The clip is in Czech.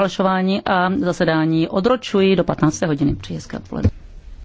falšování a zasedání odročuji do 15. hodiny. Přeji hezké odpoledne.